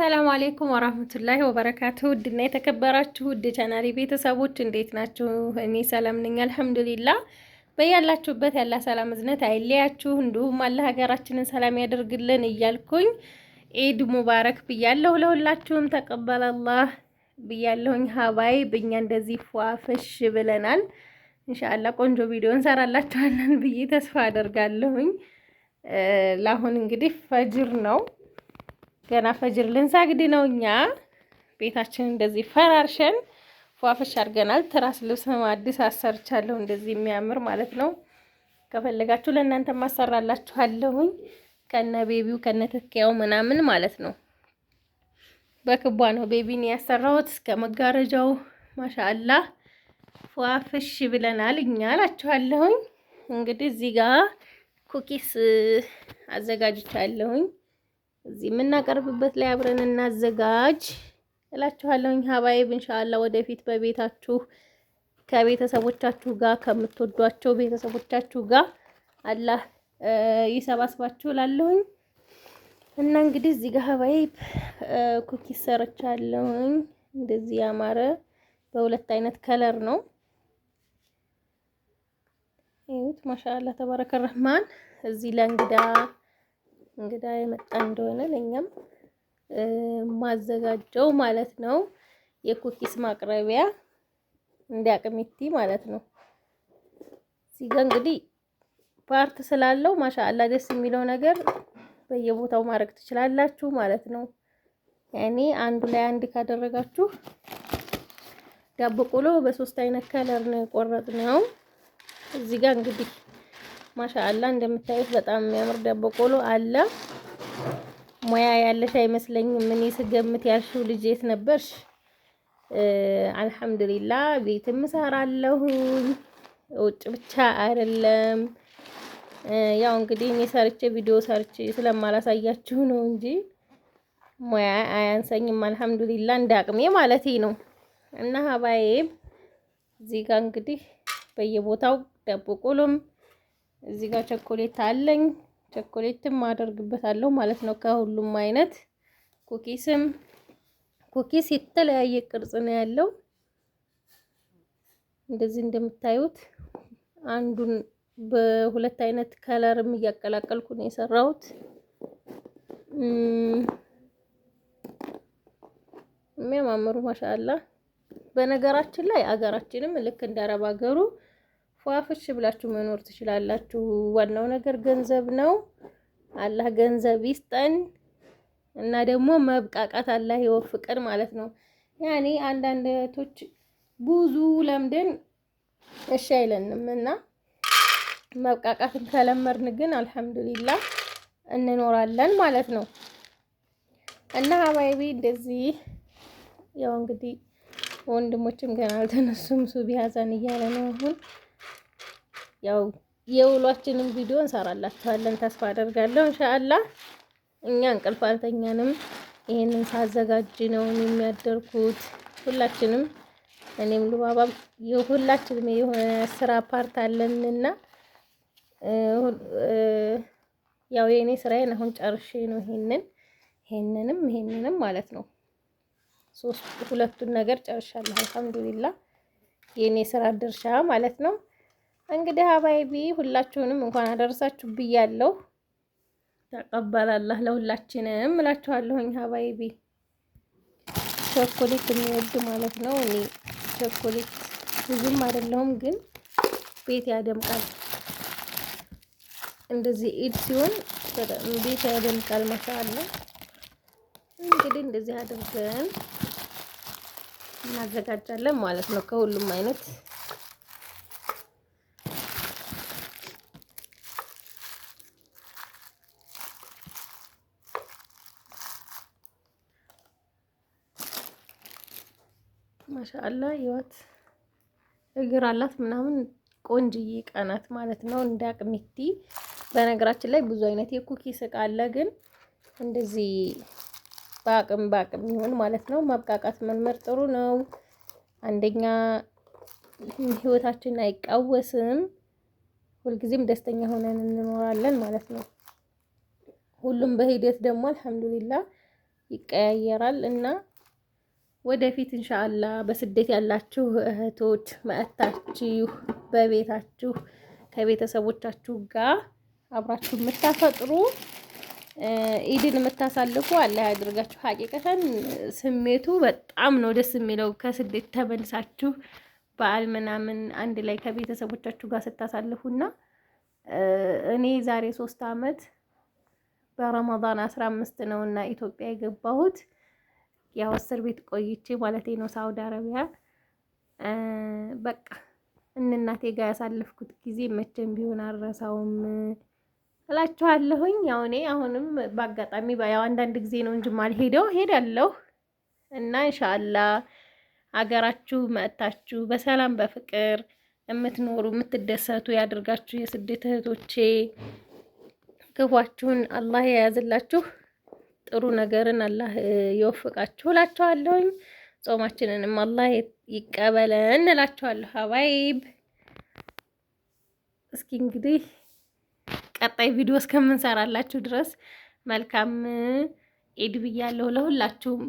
ሰላም አሌይኩም ወራህመቱላሂ ወበረካቱ። ውድና የተከበራችሁ ውድ ቻናሪ ቤተሰቦች እንዴት ናችሁ? እኔ ሰላም ነኝ አልሐምዱሊላ። በያላችሁበት ያላ ሰላም እዝነት አይለያችሁ፣ እንዲሁም አለ ሀገራችንን ሰላም ያደርግልን እያልኩኝ ኢድ ሙባረክ ብያለሁ። ለሁላችሁም ተቀበላላህ ብያለሁኝ። ሀባይ ብኛ እንደዚህ ፏፈሽ ብለናል። እንሻላ ቆንጆ ቪዲዮ እንሰራላችኋለን ብዬ ተስፋ አደርጋለሁኝ። ለአሁን እንግዲህ ፈጅር ነው ገና ፈጅር ልንሰግድ ነው። እኛ ቤታችን እንደዚህ ፈራርሸን ፏፍሽ አድርገናል። ትራስ ልብስ አዲስ አሰርቻለሁ፣ እንደዚህ የሚያምር ማለት ነው። ከፈለጋችሁ ለእናንተ ማሰራላችኋለሁኝ ከነ ቤቢው ከነ ትኪያው ምናምን ማለት ነው። በክቧ ነው ቤቢን ያሰራሁት እስከ መጋረጃው። ማሻአላ ፏፍሽ ብለናል እኛ እላችኋለሁኝ። እንግዲህ እዚህ ጋር ኩኪስ አዘጋጅቻለሁኝ። እዚህ የምናቀርብበት ላይ አብረን እናዘጋጅ እላችኋለሁኝ። ሀባይብ እንሻላ ወደፊት በቤታችሁ ከቤተሰቦቻችሁ ጋር ከምትወዷቸው ቤተሰቦቻችሁ ጋር አላህ ይሰባስባችሁ እላለሁኝ። እና እንግዲህ እዚህ ጋር ሀባይብ ኩኪስ ሰርቻለሁኝ። እንደዚህ ያማረ በሁለት አይነት ከለር ነው ይሁት ማሻአላ ተባረከ ረህማን እዚህ ለእንግዳ እንግዳ የመጣ እንደሆነ ለእኛም ማዘጋጀው ማለት ነው። የኩኪስ ማቅረቢያ እንደ አቅሚቲ ማለት ነው። ሲጋ እንግዲህ ፓርት ስላለው ማሻአላ ደስ የሚለው ነገር በየቦታው ማድረግ ትችላላችሁ ማለት ነው። ያኔ አንዱ ላይ አንድ ካደረጋችሁ ዳቦ ቆሎ በሶስት አይነት ከለር ነው የቆረጥነው። እዚህ ጋር እንግዲህ ማሻአላ እንደምታዩት በጣም የሚያምር ዳቦ አለ። ሙያ ያለሽ አይመስለኝም። እኔ ስገምት ያልሽው ልጅ የት ነበርሽ? አልሐምዱሊላ ቤትም እሰራለሁኝ ውጭ ብቻ አይደለም። ያው እንግዲህ እኔ ሰርቼ ቪዲዮ ሰርቼ ስለማላሳያችሁ ነው እንጂ ሙያ አያንሰኝም። አልሐምዱሊላ እንደ አቅሜ ማለት ነው። እና ሀባዬ እዚህ ጋር እንግዲህ በየቦታው ዳቦ ቆሎም እዚህ ጋር ቸኮሌት አለኝ። ቸኮሌትም አደርግበታለሁ ማለት ነው። ከሁሉም አይነት ኩኪስም ኩኪስ የተለያየ ቅርጽ ነው ያለው። እንደዚህ እንደምታዩት አንዱን በሁለት አይነት ከለርም እያቀላቀልኩ ነው የሰራሁት። የሚያማምሩ ማሻአላ። በነገራችን ላይ አገራችንም ልክ እንደ አረብ አገሩ ፏፍሽ ብላችሁ መኖር ትችላላችሁ። ዋናው ነገር ገንዘብ ነው። አላህ ገንዘብ ይስጠን እና ደግሞ መብቃቃት አላህ ይወፍቀን ማለት ነው። ያኔ አንዳንድ እህቶች ብዙ ለምደን እሺ አይለንም እና መብቃቃትን ከለመድን ግን አልሐምዱሊላህ እንኖራለን ማለት ነው። እና ሀባይቢ እንደዚህ ያው እንግዲህ ወንድሞችም ገና አልተነሱም። ሱቢ ሀዛን እያለ ነው አሁን ያው የውሏችንም ቪዲዮ እንሰራላችኋለን ተስፋ አደርጋለሁ። እንሻአላ እኛ እንቅልፍ አልተኛንም። ይሄንን ሳዘጋጅ ነው የሚያደርጉት። ሁላችንም እኔም ልባባም የሁላችንም የሆነ ስራ ፓርት አለንና ያው የእኔ ስራዬን አሁን ጨርሼ ነው ይሄንን ይሄንንም ይሄንንም ማለት ነው ሶስት ሁለቱን ነገር ጨርሻለሁ። አልሐምዱሊላ የእኔ ስራ ድርሻ ማለት ነው። እንግዲህ አባይቢ ሁላችሁንም እንኳን አደረሳችሁ ብያለሁ። ተቀበላላህ ለሁላችንም እላችኋለሁኝ። አባይቢ ቸኮሌት የሚወድ ማለት ነው። እኔ ቸኮሌት ብዙም አይደለሁም፣ ግን ቤት ያደምቃል። እንደዚህ ኢድ ሲሆን ቤት ያደምቃል። መሻአላ እንግዲህ እንደዚህ አድርገን እናዘጋጃለን ማለት ነው ከሁሉም አይነት ማሻአላ ይወት እግር አላት ምናምን ቆንጅዬ ቃናት ማለት ነው። እንደ አቅሚቲ በነገራችን ላይ ብዙ አይነት የኩኪስ እቃ አለ፣ ግን እንደዚህ በአቅም በአቅም ይሁን ማለት ነው። ማብቃቃት መልመር ጥሩ ነው። አንደኛ ህይወታችን አይቃወስም፣ ሁልጊዜም ደስተኛ ሆነን እንኖራለን ማለት ነው። ሁሉም በሂደት ደግሞ አልሐምዱሊላ ይቀያየራል እና ወደፊት እንሻአላ በስደት ያላችሁ እህቶች መጥታችሁ በቤታችሁ ከቤተሰቦቻችሁ ጋር አብራችሁ የምታፈጥሩ ኢድን የምታሳልፉ አላህ ያድርጋችሁ። ሀቂቀተን ስሜቱ በጣም ነው ደስ የሚለው። ከስደት ተመልሳችሁ በዓል ምናምን አንድ ላይ ከቤተሰቦቻችሁ ጋር ስታሳልፉና እኔ ዛሬ ሶስት አመት በረመዳን አስራ አምስት ነውና ኢትዮጵያ የገባሁት ያው እስር ቤት ቆይቼ ማለቴ ነው ሳውዲ አረቢያ በቃ እንናቴ ጋር ያሳለፍኩት ጊዜ መቼም ቢሆን አረሳውም እላችኋለሁኝ። ያው እኔ አሁንም በአጋጣሚ ያው አንዳንድ ጊዜ ነው እንጂ ማልሄደው ሄዳለሁ እና እንሻላ አገራችሁ መጥታችሁ በሰላም በፍቅር የምትኖሩ የምትደሰቱ ያደርጋችሁ የስደት እህቶቼ ክፏችሁን አላህ የያዝላችሁ። ጥሩ ነገርን አላህ ይወፍቃችሁ እላችኋለሁኝ። ጾማችንንም አላህ ይቀበለን እንላችኋለሁ። ሀባይብ እስኪ እንግዲህ ቀጣይ ቪዲዮ እስከምንሰራላችሁ ድረስ መልካም ኢድ ብያለሁ ለሁላችሁም።